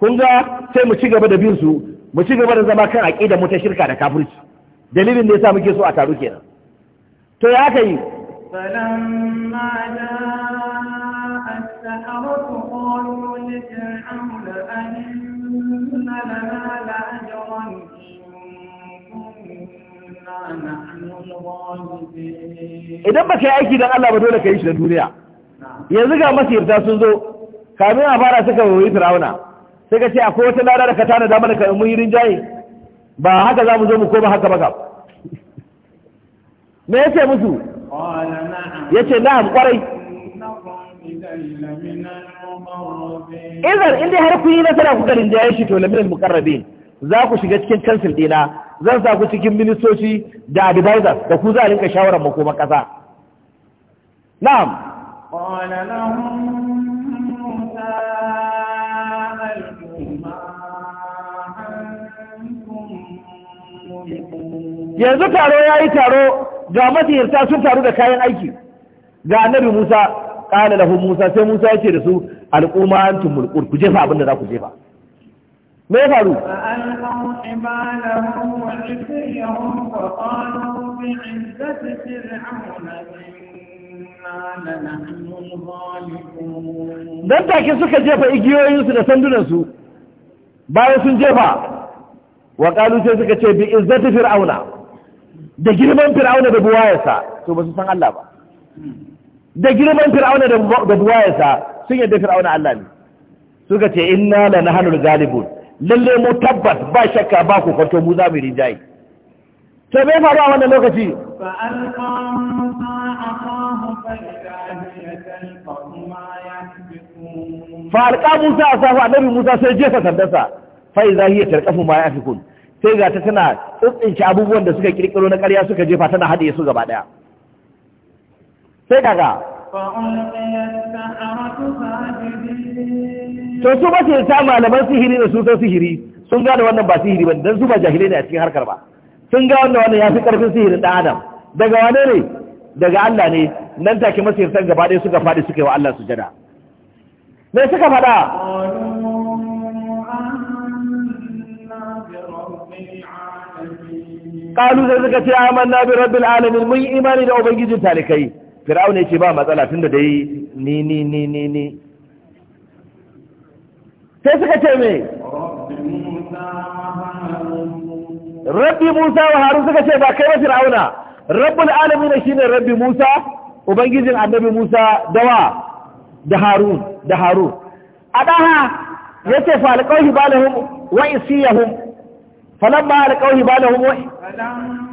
kun ga sai mu ci gaba da bin su mu ci gaba da zama kan aƙi mu ta shirka da kafirci dalilin da ya yasa muke so a taru kenan to ya ka yi, جاء السحرة قالوا لفرعون idan ba ka yi aiki don Allah ba dole ka yi shi da duniya yanzu ga masirta sun zo kamin a fara suka wuri firawuna sai ka ce akwai wata lada da ka tana da mana kan muyi rinjaye ba haka za mu zo mu koma haka baka me ya ce musu ya ce na'am kwarai idan inda har kun yi nasara kuka rinjaye shi to lamirin mukarrabin za ku shiga cikin kansil ɗina zan sa ku cikin ministoci da advisors da ku za a rinka shawarar makoma ƙasa na'am yanzu taro ya yi taro ga matiyarta sun taru da kayan aiki ga annabi musa ƙala lahu musa sai musa ya ce da su al'umma antum ku jefa abin da za ku jefa me ya faru dan take suka jefa igiyoyinsu da sandunansu bayan sun jefa wa sai suka ce bi izzati fir'auna da girman fir'auna da buwayarsa to ba su san Allah ba da girman fir'auna da buwayarsa sun yadda fir'auna Allah ne suka ce inna lanahnu galibun lalle mu tabbas ba shakka ba ku kwanto mu za mu rinjaye To bai faru a wannan lokaci fa'alƙa musa a safa annabi musa sai jefa sandarsa fa'i za hiya tarƙafu ma ya fi kun sai ga ta tana tsintsinci abubuwan da suka kirkiro na ƙarya suka jefa tana haɗe su gaba ɗaya sai daga to su ba su ta malaman sihiri da su sihiri sun gane wannan ba sihiri ba don su ba jahilai ne a cikin harkar ba sun ga wannan wannan ya fi karfin sihirin ɗan adam daga wane ne daga Allah ne nan take masirtan gaba ɗaya suka faɗi suka yi wa Allah jada. me suka faɗa qalu da suka ce amanna bi rabbil alamin mun imani da ubangijin talikai fir'aun ya ce ba matsala tunda dai ni ni ni ni ni sai suka ce me rabbi musa wa harun suka ce ba kai ba fir'auna rabbul alamin shine rabbi musa ubangijin annabi musa da wa da harun da harun adaha yace fa alqawhi balahum wa isiyahum falamma alqawhi balahum wa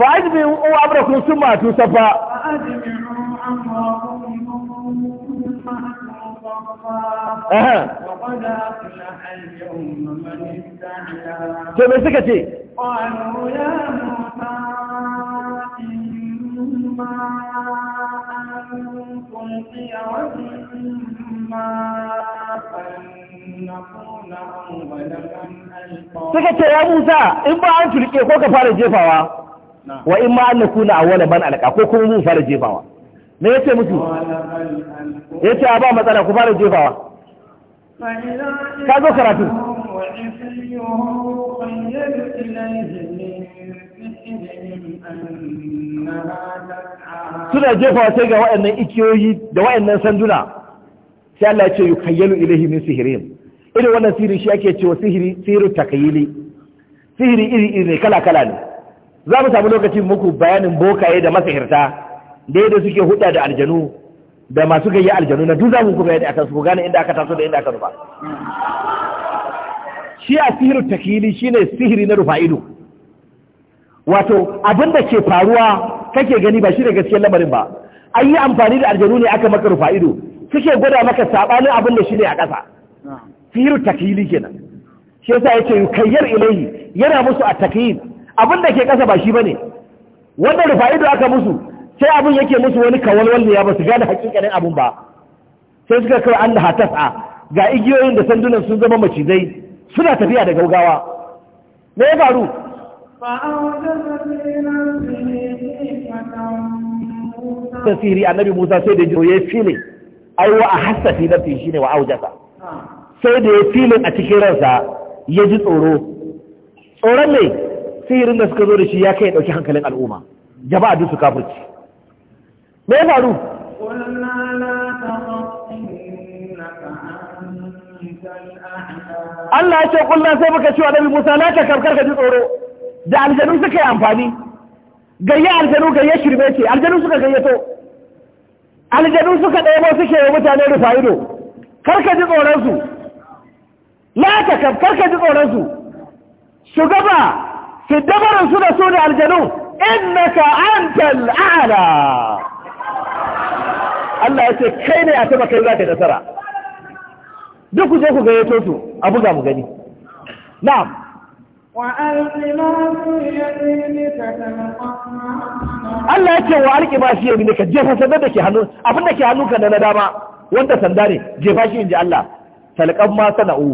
فأجمعوا أمركم ثم أتوا صفا وقد أفلح اليوم من استعلا كيف سكتي قالوا يا موسى إما القيامة suka ce ya musa in ba an turke ko ka fara jefawa wa in ma an na kuna a wani ban alaka ko kuma mun fara jefawa me ya ce musu ya ce a ba matsala ku fara jefawa ka zo karatu suna jefawa sai ga waɗannan ikiyoyi da waɗannan sanduna sai Allah ce yi yukayyalu ilaihi min irin wannan sihiri shi ake cewa sihiri sihiri takayili sihiri iri iri ne kala kala ne za mu samu lokacin muku bayanin bokaye da masahirta da yadda suke huda da aljanu da masu gayi aljanu na duk za mu bayani a kansu gane inda aka taso da inda aka rufa shi a takili takayili shine sihiri na rufa ido wato abin da ke faruwa kake gani ba shi da gaskiyar lamarin ba an yi amfani da aljanu ne aka maka rufa ido suke gwada maka sabanin abin da shi ne a ƙasa firu takili kenan shi yasa yace yukayyar ilahi yana musu a takyid abin da ke ƙasa ba shi bane wanda rufa ido aka musu sai abin yake musu wani kawalwal ne ya ba su gane hakikanin abin ba sai suka kai Allah hatasa ga igiyoyin da sandunan sun zama macizai suna tafiya da gaugawa me ya faru tasiri annabi Musa sai da ya fili ai wa ahassa fi nafsi shine wa aujasa sai da ya filin a cikin ransa ya ji tsoro tsoron ne sihirin da suka zo da shi ya kai dauki hankalin al'umma jama'a duk su kafirci me ya faru Allah ya ce kullum sai muka ci wa Nabi Musa la ka karkar ka ji tsoro da aljanu suka yi amfani gayya aljanu gayya shirme ce aljanu suka gayyato aljanu suka ɗaya suke yi mutane rufa ido karka ji tsoronsu latakaf karka ji tsoronsu su gaba su dabarin su da su da aljanu innaka antal a'la Allah ya ce kai ne a taba kai za ka nasara duk ku je ku gayyato su abu buga mu gani na'am Allah ya ce wa alƙi ba shi yabi ka jefa sanar da ke hannu abin da ke hannu ka na dama wanda sanda ne jefa shi inji Allah talqan ma sana'u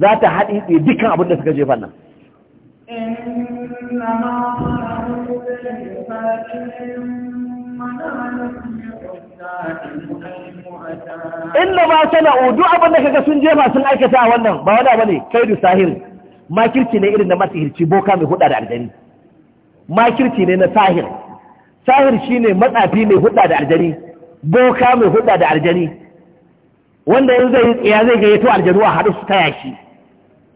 za ta haɗi ɗe dukkan abin da suka jefa nan inna ma sana'u duk abin da kaga sun jefa sun aikata a wannan ba wani abu ne kai sahiri. makirci ne irin na masihirci boka mai hudu da aljani makirci ne na sahir sahir shi ne matsafi mai hudu da aljani boka mai hudu da aljani wanda yanzu zai zai gayyato aljanu a haɗu su taya shi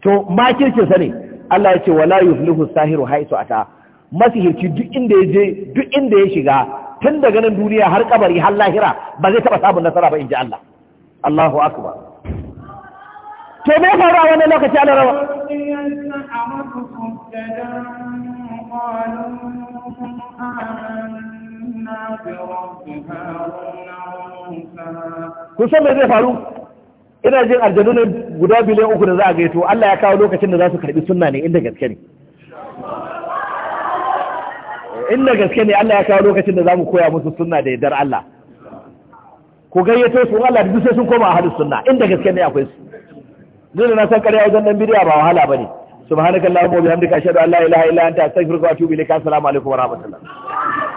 to makircin sa ne Allah ya ce wala yuflihu sahiru haisu ata masihirci duk inda ya je duk inda ya shiga tun daga nan duniya har kabari har lahira ba zai taba samun nasara ba in ji Allah Allahu akbar to me fara a wannan lokaci ana rawa kun san me zai faru ina jin aljanu ne guda biliyan uku da za a gaito Allah ya kawo lokacin da za su karbi sunna ne inda gaske ne inda gaske ne Allah ya kawo lokacin da za mu koya musu sunna da yardar Allah ku gayyato su Allah da duk sai sun koma a halin sunna inda gaske ne akwai su dole na san ƙarya wajen dan bidiya ba wahala bane subhanakallahumma wa bihamdika ashhadu an la ilaha illa anta astaghfiruka wa atubu ilaik assalamu alaikum wa rahmatullah